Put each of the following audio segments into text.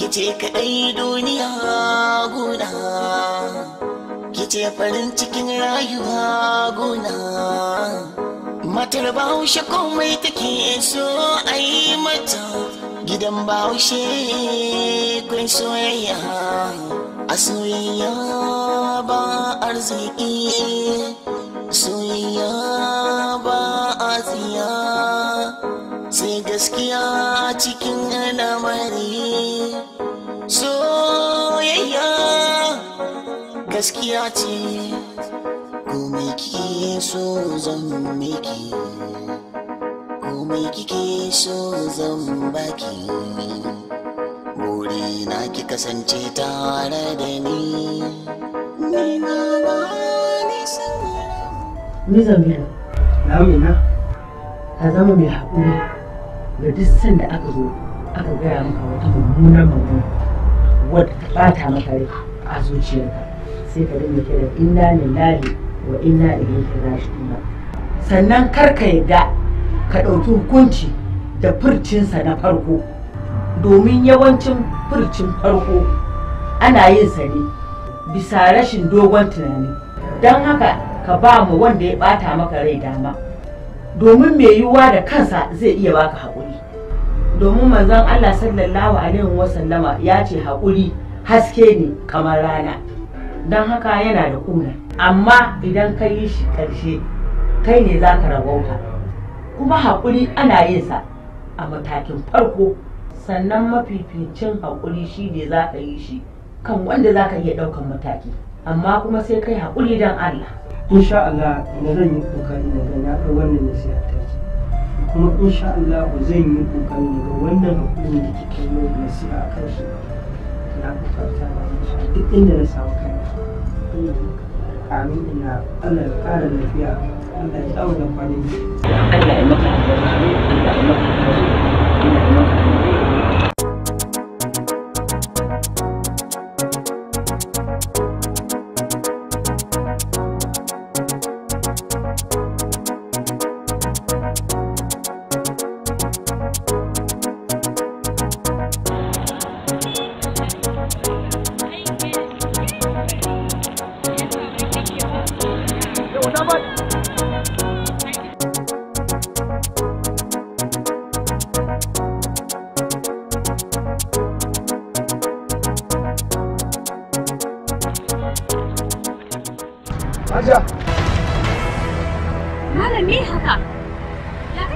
kice kaɗai duniya guna kice farin cikin rayuwa guna matar bahaushe komai take so a yi mata gidan bahaushe kun soyayya a soyayya ba arziki soyayya ba aziya. sai gaskiya cikin lamari soyayya gaskiya ce kome kike so zan miki kome kike so zan baki gori na ki kasance tare da ni ni na ba ni san Ni zambiya. Na amina. Ta zama mai haƙuri. ga duk sanda aka zo aka gaya maka wata mummunar magana wadda ta bata maka rai a zuciyarka sai ka dinga kira inna lillahi wa inna ilaihi raji'un sannan kar ka yadda ka ɗauki hukunci da furcinsa na farko domin yawancin furcin farko ana yin sa ne bisa rashin dogon tunani don haka ka ba mu wanda ya bata maka rai dama domin mai yiwuwa da kansa zai iya baka haƙuri domin manzon Allah sallallahu alaihi wasallama ya ce haƙuri haske ne kamar rana don haka yana da ƙuna. amma idan ka yi shi ƙarshe kai ne za ka rabauta kuma haƙuri ana yin sa a matakin farko sannan mafificin haƙuri shi ne za ka yi shi kan wanda za ka iya ɗaukan mataki amma kuma sai kai haƙuri dan Allah. Insha Allah na zan yi kokari na ga wannan nasiha ta kuma insha Allah zan yi kokarin ga wannan hakuri da kike yi mai nasiha a kan shi na kokarta na insha duk inda na samu kai amin ina Allah ya kara lafiya Allah ya tsawo da kwanin Allah ya maka Allah ya maka Allah ya maka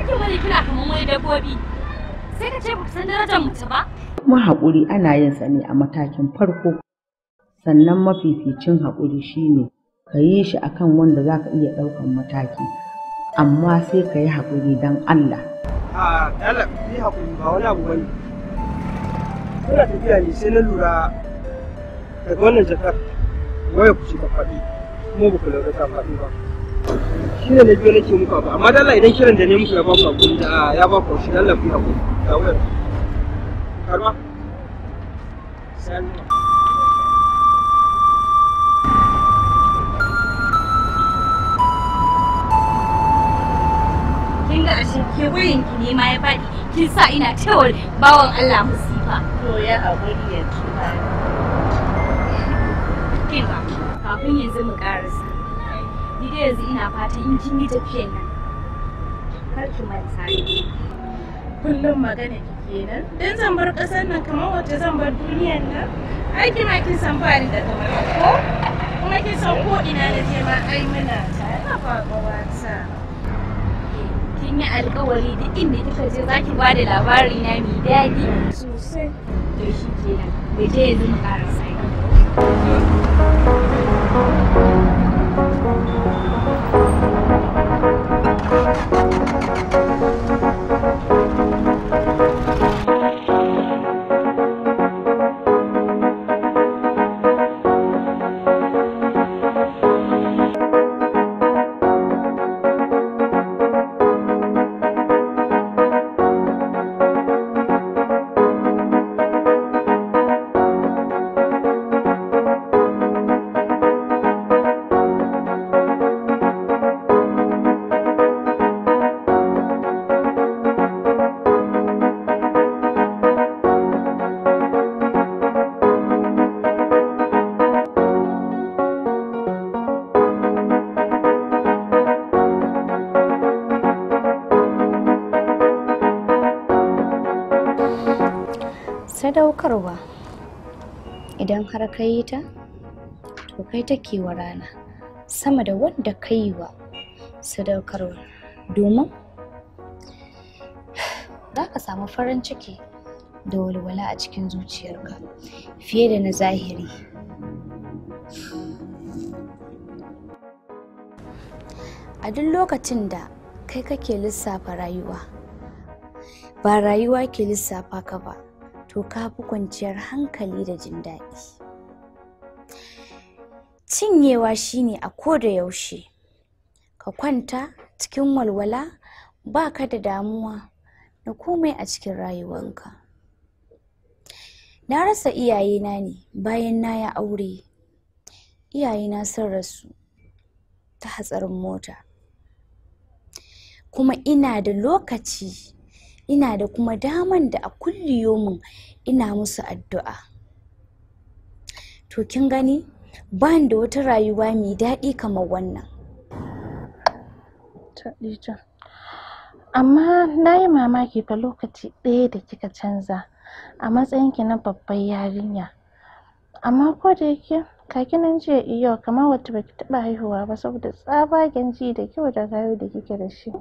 kake bari kina kaman wani dabbobi. Sai ka ce ba san darajar mutu ba. Kuma haƙuri ana yin sa ne a matakin farko. Sannan mafificin haƙuri shine ka yi shi akan wanda za ka iya ɗaukan mataki. Amma sai ka yi haƙuri don Allah. A ɗala, yi haƙuri ba wani abu bane. Kuna tafiya ne sai na lura daga wannan jakar waya ku ce ka faɗi kuma ba ku lura ka faɗi ba. shine na biyo nake muku abu amma dalla idan kiran da ne muku ya ba ku abu da ah, ya ba ku shi dalla ku abu ga wayar karba san kin ga shi ke wayan ki ne ma ya faɗi kin sa ina tawar bawan Allah musifa to ya haƙuri yanzu kin ba kafin yanzu mu ƙarasa kullum magana ki kenan dan zan kasar nan kamar wacce zan duniyar nan ai kina kin san ba ni ko kuma kin san ko ina je ma ai muna kin yi alkawari duk inda kika je zaki ba da labari na mai daɗi sosai to shi kenan je yanzu mu Thank you. har ka yi ta to kai take wa rana sama da wanda ka yi wa sadaukarwa domin za ka samu farin ciki da walwala a cikin zuciyarka fiye da na zahiri a duk lokacin da kai kake lissafa rayuwa ba rayuwa ke lissafa ka ba to ka fi kwanciyar hankali da jin daɗi cinyewa shine a ko da yaushe ka kwanta cikin walwala ba ka da damuwa da komai a cikin rayuwanka na rasa iyayena ne bayan na ya aure iyayena sun rasu ta hatsarin mota kuma ina da lokaci ina da kuma daman da a kulliyomin ina musu addu'a to kin gani ba da wata rayuwa mai daɗi kamar wannan amma na yi mamaki ta lokaci ɗaya da kika canza a matsayinki na babbar yarinya amma ko da yake kaki nan jiya iyo kamar wata baki taɓa haihuwa ba saboda tsabagen ji da kyau da gayo da kike da shi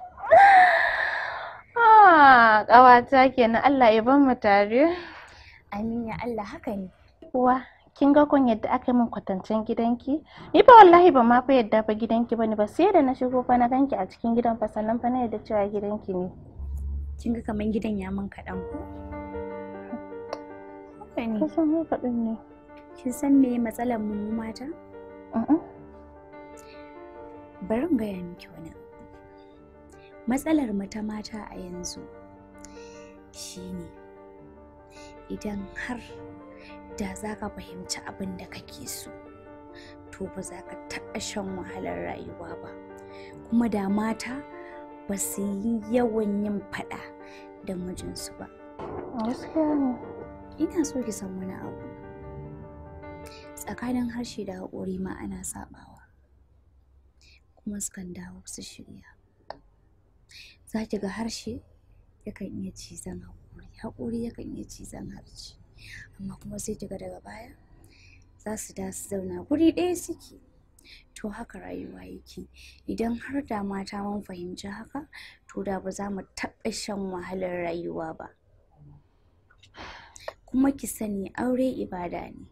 ah, ƙawata kenan Allah ya ban mu tare. Amin ya Allah haka ne. kuwa. kin ga kun yadda aka yi min kwatancen gidanki ni fa wallahi ba ma fa yadda ba gidanki bane ba sai da na shigo fa na ganki a cikin gidan fa sannan fa na yadda cewa gidanki ne kin ga kaman gidan ya min kaɗan ko ne kusan haka din ne kin san me matsalar mu mata bari in gaya miki wani matsalar mu ta mata a yanzu shine idan har da za ka fahimci abin da kake so to ba za ka taɓa shan wahalar rayuwa ba kuma da mata ba su yi yawan yin faɗa da mijinsu ba ina so ki san wani abu tsakanin harshe da haƙori ma ana saɓawa kuma sukan dawo su shirya za ki ga harshe yakan iya cizon haƙori haƙori yakan iya cizon harshe amma kuma sai daga daga baya za su da su zauna guri ɗaya suke to haka rayuwa yake idan har da mata mun fahimci haka to da ba za mu taɓa shan wahalar rayuwa ba kuma ki sani aure ibada ne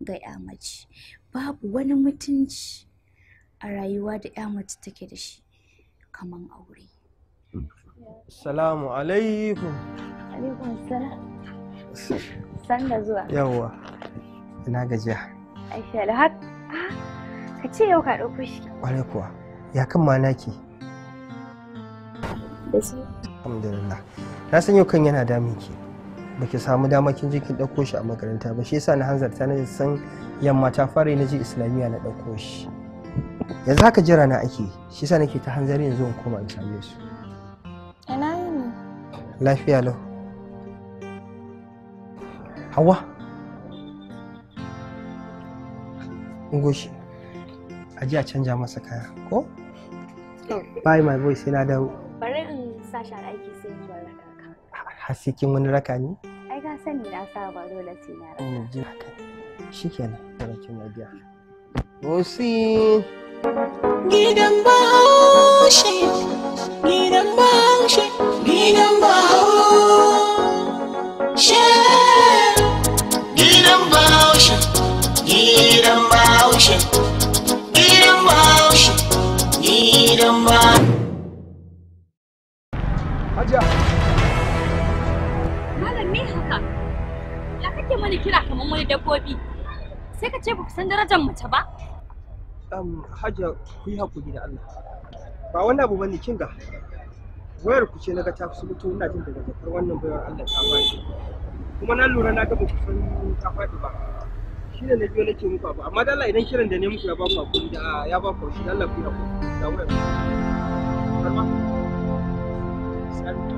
ga ya mace babu wani mutunci a rayuwa da ya mace take da shi kamar aure salamu alaikum alaikum salam Sanda zuwa. Yawwa. Ina gajiya. Aisha da ah, haka Ka ce yau ka ɗauko shi. Ƙwarai kuwa. Ya kan ma naki. Da shi. Alhamdulillah. Na san yau kan yana damun ki. Baki samu dama kin je kin ɗauko shi a makaranta ba shi yasa na hanzarta na san yamma ta fara na ji Islamiyya na ɗauko shi. Yanzu haka jira na ake shi yasa nake ta hanzari yanzu in koma in same su. Ina yini? Lafiya lau. hawa goshi a ji a canja masa kaya ko? bye my boy sai na dawo bari in sa shi a aiki sai in bar raka har sai kin wani raka ni? ai ka sani na ba dole sai na raka ji haka shikenan barakin biya. Osi gidan bahaushe gidan bahaushe gidan bahaushe dabbobi sai ka ce ba ku san darajar mace ba um, hajiya ku yi hakuri da Allah ba wani abu bane kin ga wayar ku ce naga ta kusa mutu ina jin daga jakar wannan bayar Allah ta bani kuma na lura na ga ba ku san ta faɗi ba ne na biyo nake muku abu amma Allah idan kiran da ne muku ya ba ku hakuri da ah, ya ba ku Da Allah ku yi hakuri da wayar ku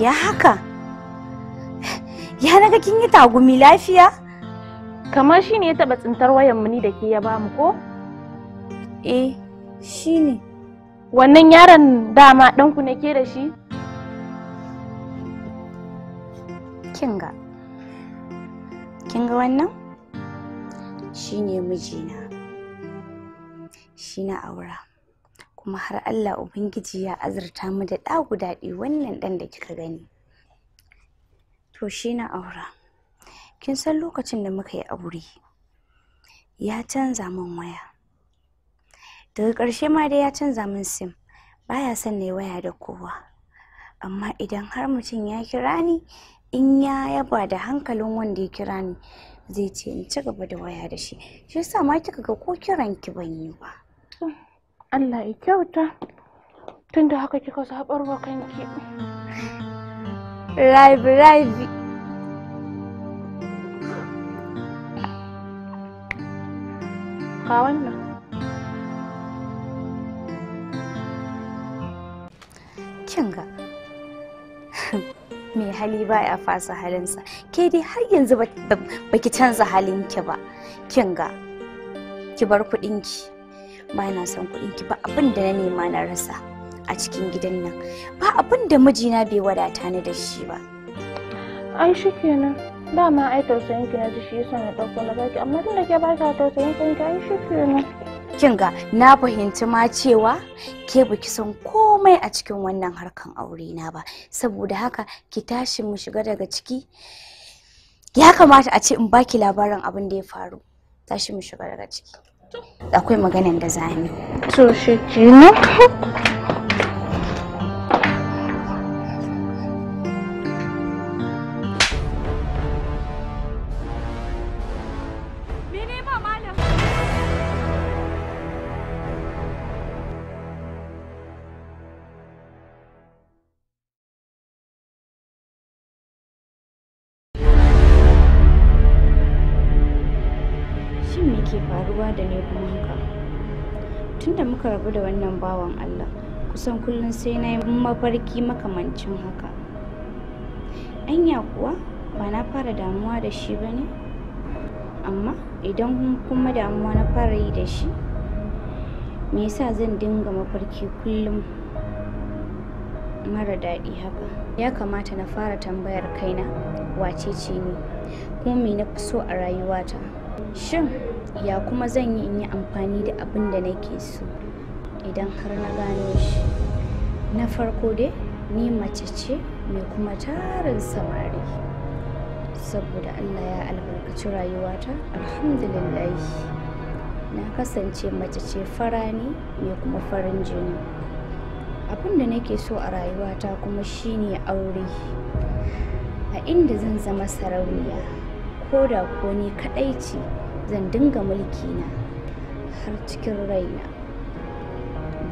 ya haka ya naga kin yi tagumi lafiya kamar shine ya taɓa tsintar wayan mu ni da ke ya bamu ko eh shine wannan yaron dama ɗanku na ke da shi kinga kinga wannan shine mijina shi na aura kuma har Allah Ubangiji ya azurta mu da ɗa guda ɗaya wannan ɗan da kika gani. To shi na aura. Kin san lokacin da muka yi aure ya canza min waya. Daga ƙarshe ma dai ya canza min sim baya son na waya da kowa. Amma idan har mutum ya kira ni in ya yaba da hankalin wanda ya kira ni zai ce in ci gaba da waya da shi. Shi sa ma kika ga ko kiran ki ban yi ba. Allah ya kyauta tunda haka kika zabar wa kanki live live ka wannan kinga mai hali baya fasa halinsa ke dai har yanzu baki canza halinki ba kinga ki bar ki ba na son kuɗin ki ba abin da na nema na rasa a cikin gidan nan ba abin da mijina bai wadata ni da shi ba ai shikenan dama ai tausayin ki na ji shi yasa na dauko na baki amma tunda ke ba ka tausayin ki ai shikenan kin ga na fahimci ma cewa ke ki san komai a cikin wannan harkan aure na ba saboda haka ki tashi mu shiga daga ciki ya kamata a ce in baki labarin abin da ya faru tashi mu shiga daga ciki akwai maganan da zami to shi kenan kusan kullum sai na yi mafarki makamancin haka anya kuwa ba na fara damuwa da shi ba ne amma idan kuma damuwa na fara yi da shi me yasa zan dinga mafarki kullum mara daɗi haka ya kamata na fara tambayar kaina wace ce ni kuma me na fi so a rayuwata shin ya kuma zan yi in yi amfani da abin da nake so idan har na gano shi na farko dai ni mace ce mai kuma tarin samari saboda allah ya albarkaci rayuwata alhamdulillah na kasance mace ce fara ne mai kuma farin jini abin da nake so a rayuwata kuma shine aure a inda zan zama sarauniya ko da ko ni kaɗai ce zan dinga mulki na har cikin raina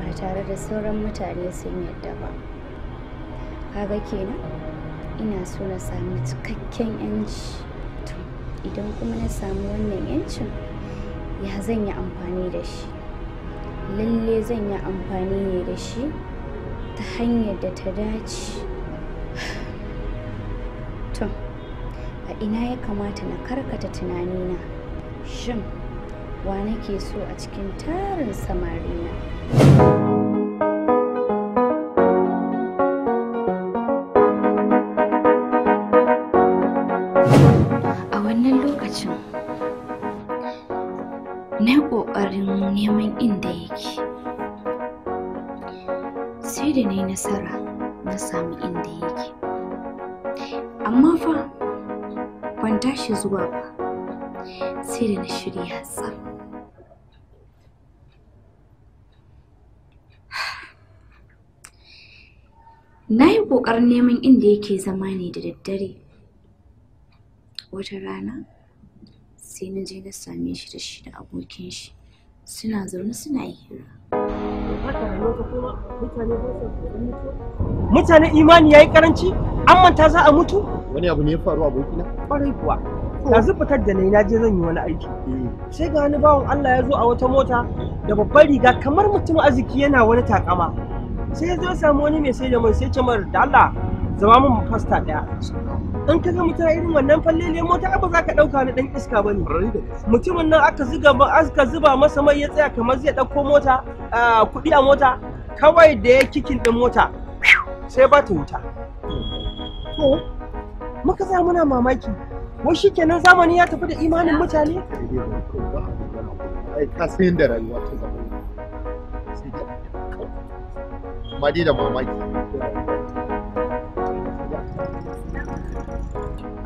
ba tare da sauran mutane sun yadda ba kaga kenan ina so na sami cikakken yanci idan kuma na samu wannan yancin ya zan yi amfani da shi lalle zan yi amfani ne da shi ta hanyar da ta dace to a ina ya kamata na karkata tunanina shin wa nake so a cikin tarin samarina neman inda yake sai da na nasara na samu inda yake amma fa ban tashi zuwa ba sai da na shirya tsaf na yi ƙoƙarin neman inda yake zama ne da daddare wata rana sai na je na same shi da shi da abokin shi suna zaune suna yi. Mutane imani ya yi karanci, an manta za a mutu? Wani abu ne ya faru abokina? Kwarai kuwa. Yanzu fitar da na je zan yi wani aiki. Eh. Sai ga wani bawan Allah ya zo a wata mota da babbar riga kamar mutum arziki yana wani takama. Sai ya zo samu wani mai sai da mai sai kamar da Allah zama min fasta ɗaya. in ka ga mutum irin wannan falle ne mota ba za ka dauka na dan iska bane mutumin nan aka ba aka zuba masa mai ya tsaya kamar zai dauko mota kuɗi a mota kawai da ya kikin din mota sai ba ta wuta to muka za muna mamaki wai shikenan zamani ya tafi da imanin mutane ka sayin da rayuwa ta sai da mamaki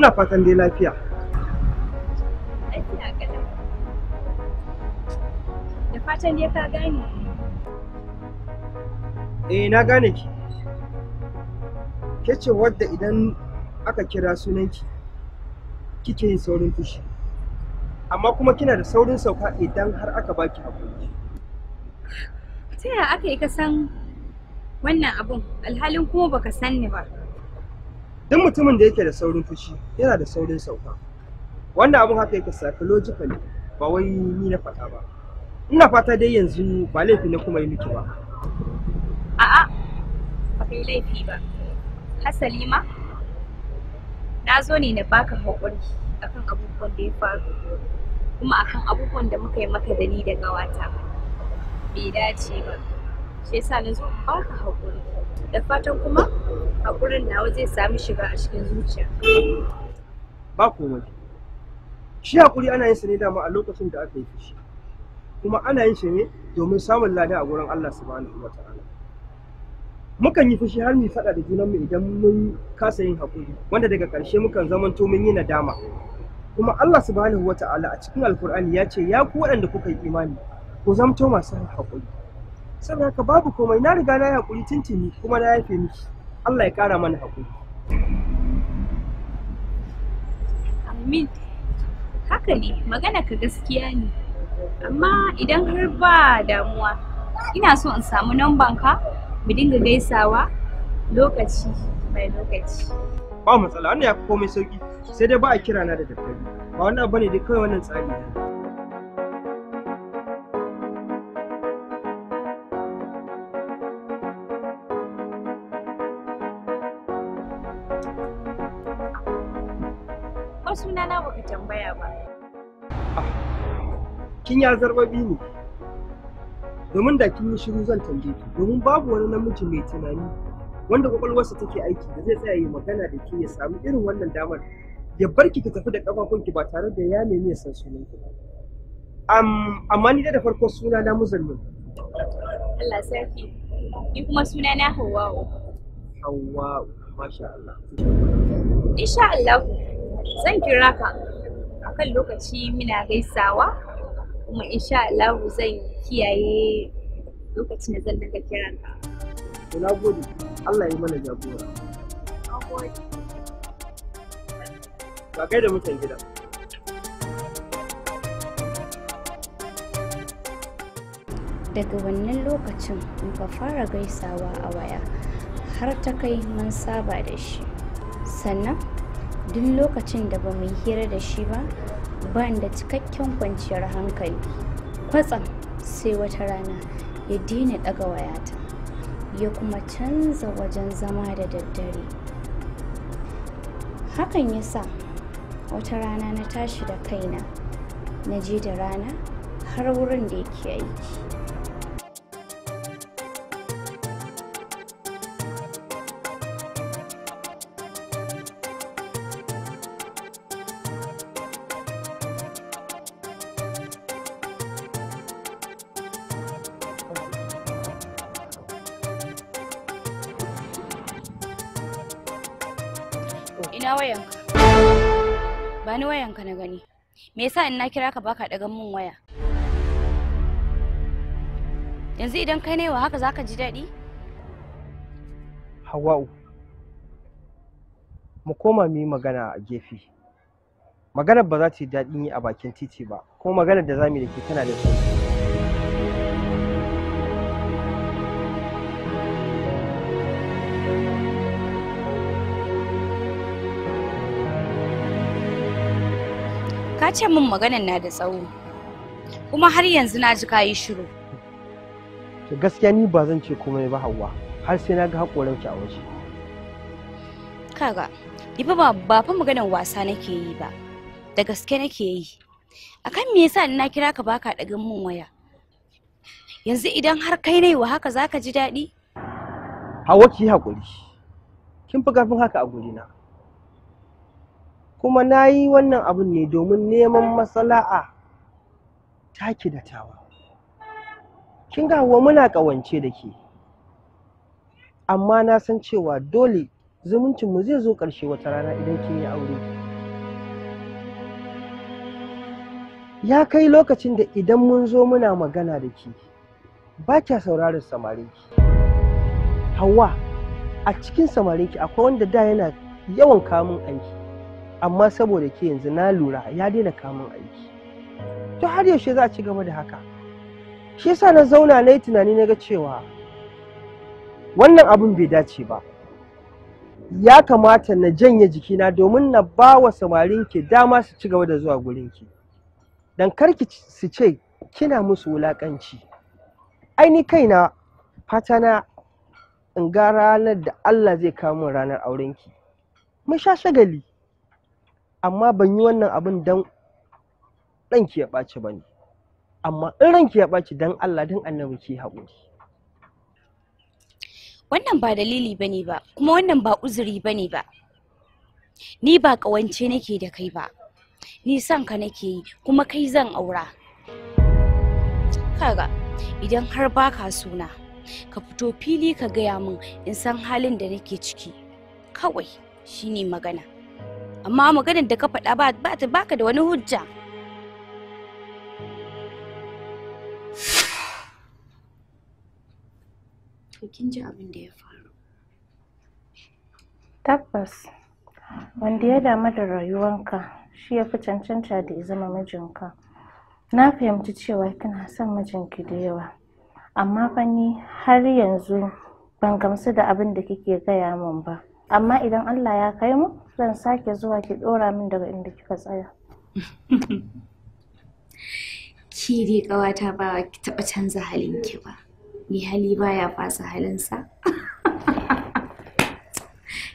ina fatan dai lafiya da fatan dai ka gane eh na gane ki ke wadda idan aka kira sunanki kike yin saurin fushi amma kuma kina da saurin sauka idan har aka baki hakuri ta yaya aka yi ka san wannan abun alhalin kuma baka san ni ba duk mutumin da yake da saurin fushi yana da saurin sauka wanda abin haka yake psychologically ba wai ni na fata ba ina fata dai yanzu ba laifi na kuma yi miki ba a'a ba kai laifi ba hasali ma na zo ne na baka haƙuri akan abubuwan da ya faru kuma akan abubuwan da muka yi maka da ni da gawata bai dace ba shi yasa na zo ba ka haƙuri da fatan kuma haƙurin nawa zai sami shiga a cikin zuciya ba komai shi haƙuri ana yin sa ne dama a lokacin da aka yi fushi kuma ana yin shi ne domin samun lada a gurin Allah subhanahu wa ta'ala mukan yi fushi har mu faɗa da junanmu idan mun kasa yin haƙuri wanda daga ƙarshe mukan zamanto mun yi nadama kuma Allah subhanahu wa ta'ala a cikin alkur'ani ya ce ya ku waɗanda kuka yi imani ku zamto masu haƙuri saboda haka babu komai na riga na yi hakuri tuntuni kuma na yafe miki Allah ya kara mana hakuri amin haka ne magana ka gaskiya ne amma idan har ba damuwa ina so in samu namban ka mu dinga gaisawa lokaci mai lokaci ba matsala wannan ya fi komai sauki sai dai ba a kira na da daddare ba wani abu ne dai kawai wannan tsari baka tambaya ba. Ah, kin ya zarbabi ne. Domin da kin yi shiru zan tambaye ki, domin babu wani namiji mai tunani wanda kwakwalwarsa take aiki da zai tsaya yi magana da ke ya samu irin wannan damar ya bar ki ki tafi da ki ba tare da ya nemi ya san sunan ki ba. amma ni da farko suna na musulmi. Allah sarki, ni kuma suna na Hawwa'u. Hawwa'u, masha Allah. Insha Allah, zan kira ka akan lokaci muna gaisawa kuma insha Allah zan kiyaye lokacin da zan daga kiran ka na Allah ya mana jagora ba kai da mutan gida daga wannan lokacin muka fara gaisawa a waya har ta kai mun saba da shi sannan duk lokacin da ba mu yi hira da shi ba ban da cikakken kwanciyar hankali kwatsam sai wata rana ya daina daga wayata ya kuma canza wajen zama da daddare hakan ya sa wata rana na tashi da kaina na je da rana har wurin da yake aiki na gani me yasa in na kira ka baka daga mun waya yanzu idan kai ne wa haka zaka ji daɗi hawa'u mu koma mu magana a gefe maganar ba za ta yi daɗin yi a bakin titi ba kuma maganar da zamu mu yi da ke tana da sauki ce min maganan na da tsawo kuma har yanzu na ji kayi shiru to gaskiya ni ba zan ce komai ba hawa har sai na ga hakoran ki a waje kaga ifa ba ba fa maganan wasa nake yi ba da gaske nake yi akan me yasa na kira ka baka daga min waya yanzu idan har kai ne wa haka zaka ji daɗi hawa ki hakuri kin fi karfin haka a gurina na kuma na yi wannan abun ne domin neman masala'a taki da tawa kin ga wa muna ƙawance da ke amma na san cewa dole mu zai zo ƙarshe wata rana idan kin yi aure ya kai lokacin da idan mun zo muna magana da ke ba kya sauraron samarin ki hawa a cikin samarin ki akwai wanda da yana yawan kamun aiki amma saboda ke yanzu na lura ya daina kamun aiki to har yaushe za a ci gaba da haka shi yasa na zauna na yi tunani na ga cewa wannan abin bai dace ba ya kamata na janye jikina domin na ba wa samarin ki dama su ci gaba da zuwa gurin ki dan karki su ce kina musu wulakanci aini kaina fata na in ga ranar da Allah zai kawo min ranar aurenki mun sha shagali amma ban yi wannan abin don ɗanki ya ɓaci ba ne amma in ranki ya ɓaci don Allah don annabi ke haƙuri wannan ba dalili ba ba kuma wannan ba uzuri ba ne ba ni ba ƙawance nake da kai ba ni son ka nake yi kuma kai zan aura kaga idan har baka suna ka fito fili ka gaya min in san halin da nake ciki kawai shine magana amma maganin da ka faɗa ba ta baka da wani hujja kin ji abin da ya faru tabbas wanda ya damu da rayuwanka shi ya fi cancanta da ya zama mijinka na fahimci cewa kina son mijinki da yawa amma fanni har yanzu ban gamsu da abin da kike gaya min ba amma idan allah ya kai mu zan sake zuwa ki ɗora min daga inda kika tsaya ki dai ƙawata ba ki taɓa canza halinki ba ni hali baya fasa halinsa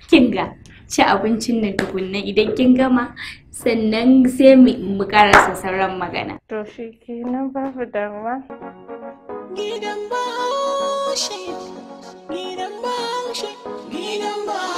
kinga ci abincin nan tukunna idan kin gama sannan sai mu karasa sauran magana to shi kenan babu damuwa gidan bashi gidan bashi gidan bashi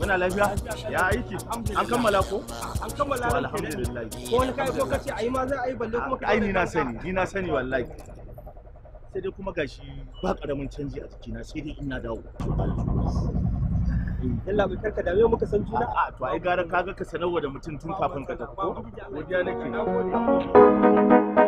muna lafiya ya aiki an kammala ko an kammala alhamdulillah ko wani kai ko kace ayi ma za a yi balle kuma ka ai ni na sani ni na sani wallahi sai dai kuma gashi ba karamin canji a jikina sai dai ina dawo Allah mai karka dawo muka san juna a to ai gara kaga ka sanarwa da mutum tun kafin ka tafi ko godiya nake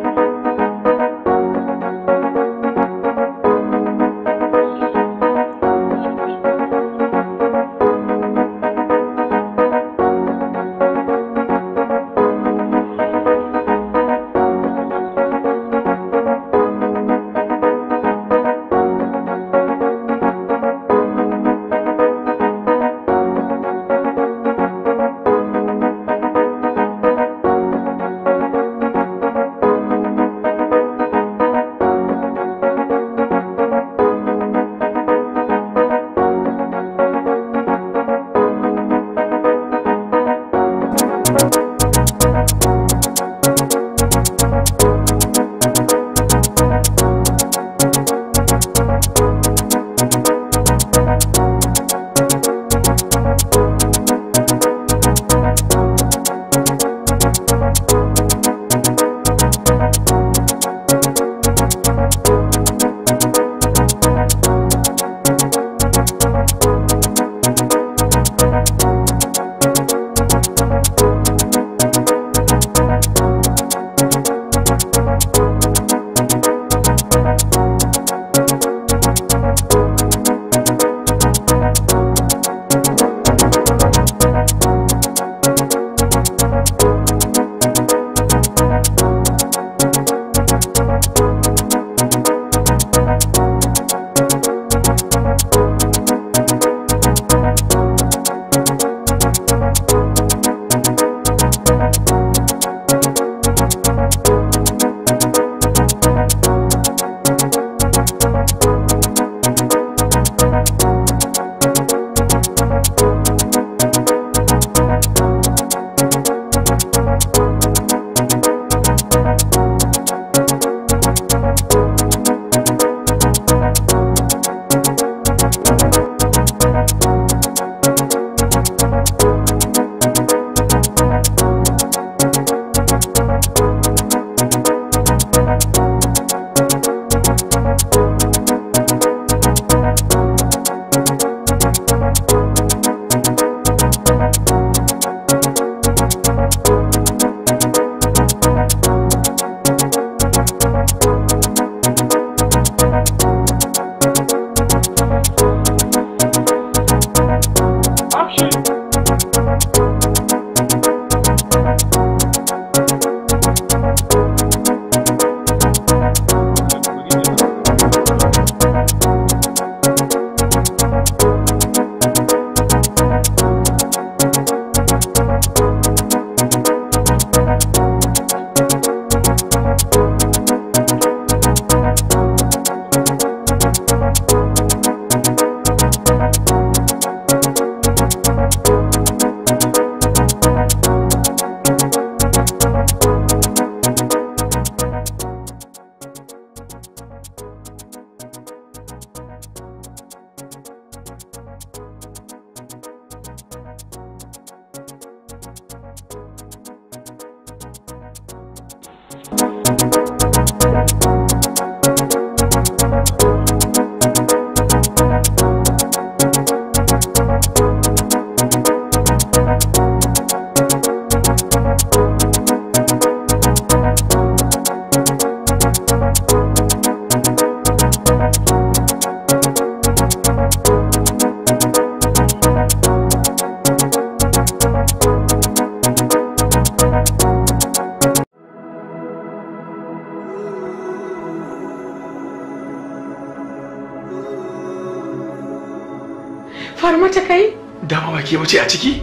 dama ba ke wuce a ciki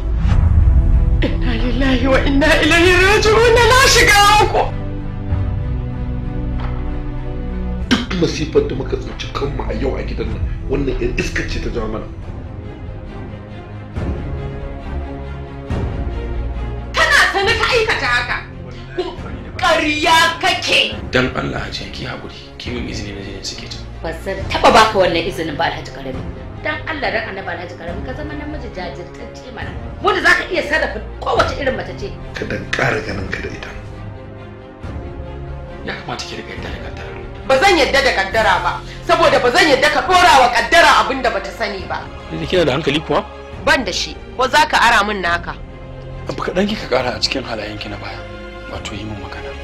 inna lillahi wa inna ilaihi raji'un na shiga ku duk masifar da muka tsinci kanmu a yau a gidan nan wannan yar iskar ce ta jawo mana kana sani ka aikata haka ƙarya kake dan Allah ce ki haƙuri ki min izini na je suke ta ba zan taɓa baka wannan izinin ba Alhaji Karami dan Allah dan annabi Alhaji Karami ka zama namiji jajirtacce mana da zaka iya sarrafa kowace irin mace ce ka dan ƙara ganin ka da ita ya kamata ki riga yadda da kaddara ba zan yadda da kaddara ba saboda ba zan yadda ka dora wa kaddara abin da bata sani ba ni kina da hankali kuwa ban da shi ko zaka ara min naka abu kaɗan kika ƙara a cikin halayenki na baya wato yi min magana